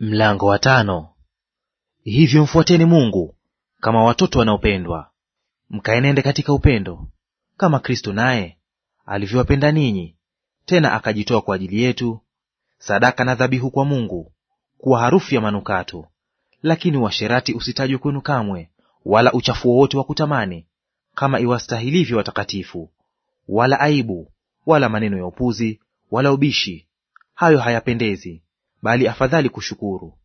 Mlango wa tano. Hivyo mfuateni Mungu kama watoto wanaopendwa, mkaenende katika upendo kama Kristo naye alivyowapenda ninyi, tena akajitoa kwa ajili yetu, sadaka na dhabihu kwa Mungu, kuwa harufu ya manukato. Lakini uasherati usitajwe kwenu kamwe, wala uchafu wowote wa kutamani, kama iwastahilivyo watakatifu; wala aibu, wala maneno ya upuzi, wala ubishi; hayo hayapendezi bali afadhali kushukuru.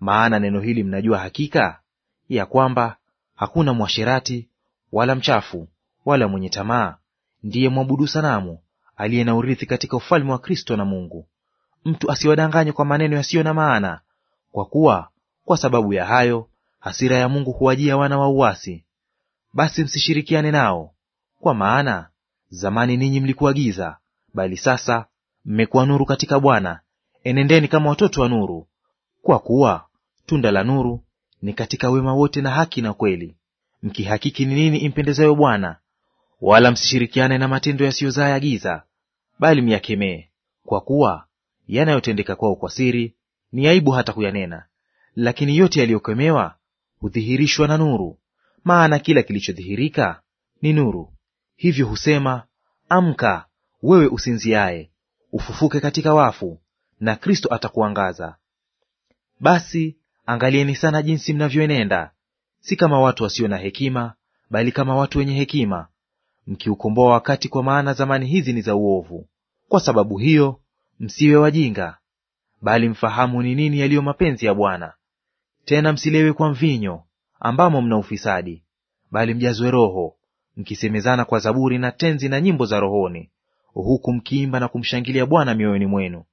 Maana neno hili mnajua hakika ya kwamba hakuna mwasherati wala mchafu wala mwenye tamaa ndiye mwabudu sanamu aliye na urithi katika ufalme wa Kristo na Mungu. Mtu asiwadanganye kwa maneno yasiyo na maana, kwa kuwa kwa sababu ya hayo hasira ya Mungu huwajia wana wa uasi. Basi msishirikiane nao, kwa maana zamani ninyi mlikuwa giza, bali sasa mmekuwa nuru katika Bwana enendeni kama watoto wa nuru, kwa kuwa tunda la nuru ni katika wema wote na haki na kweli, mkihakiki ni nini impendezayo Bwana. Wala msishirikiane na matendo yasiyozaa ya giza, bali myakemee, kwa kuwa yanayotendeka kwao kwa siri ni aibu hata kuyanena, lakini yote yaliyokemewa hudhihirishwa na nuru. Maana kila kilichodhihirika ni nuru. Hivyo husema, amka wewe usinziaye, ufufuke katika wafu, na Kristo atakuangaza. Basi angalieni sana jinsi mnavyoenenda, si kama watu wasio na hekima, bali kama watu wenye hekima, mkiukomboa wakati, kwa maana zamani hizi ni za uovu. Kwa sababu hiyo msiwe wajinga, bali mfahamu ni nini yaliyo mapenzi ya Bwana. Tena msilewe kwa mvinyo, ambamo mna ufisadi, bali mjazwe Roho, mkisemezana kwa zaburi na tenzi na nyimbo za rohoni, huku mkiimba na kumshangilia Bwana mioyoni mwenu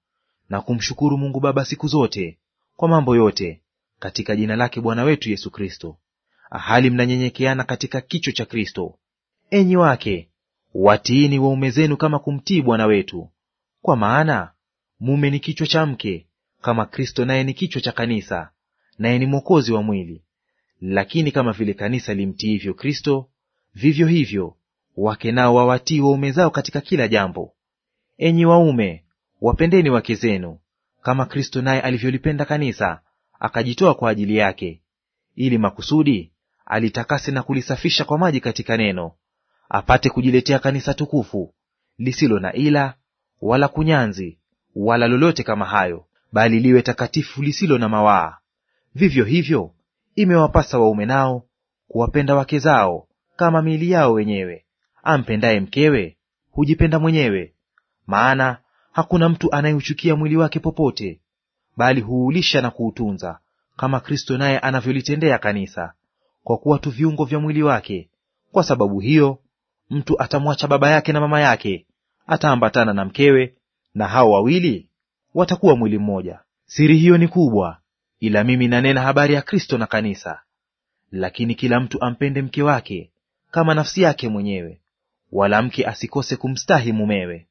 na kumshukuru Mungu Baba siku zote kwa mambo yote katika jina lake Bwana wetu Yesu Kristo, hali mnanyenyekeana katika kicho cha Kristo. Enyi wake, watiini waume zenu kama kumtii Bwana wetu, kwa maana mume ni kichwa cha mke, kama Kristo naye ni kichwa cha kanisa, naye ni mwokozi wa mwili. Lakini kama vile kanisa limtiivyo Kristo, vivyo hivyo wake nao wawatii waume zao katika kila jambo. Enyi waume, Wapendeni wake zenu kama Kristo naye alivyolipenda kanisa, akajitoa kwa ajili yake, ili makusudi alitakase na kulisafisha kwa maji katika neno, apate kujiletea kanisa tukufu lisilo na ila wala kunyanzi wala lolote kama hayo, bali liwe takatifu lisilo na mawaa. Vivyo hivyo imewapasa waume nao kuwapenda wake zao kama miili yao wenyewe. Ampendaye mkewe hujipenda mwenyewe. Maana Hakuna mtu anayeuchukia mwili wake popote, bali huulisha na kuutunza, kama Kristo naye anavyolitendea kanisa, kwa kuwa tu viungo vya mwili wake. Kwa sababu hiyo mtu atamwacha baba yake na mama yake, ataambatana na mkewe, na hao wawili watakuwa mwili mmoja. Siri hiyo ni kubwa, ila mimi nanena habari ya Kristo na kanisa. Lakini kila mtu ampende mke wake kama nafsi yake mwenyewe, wala mke asikose kumstahi mumewe.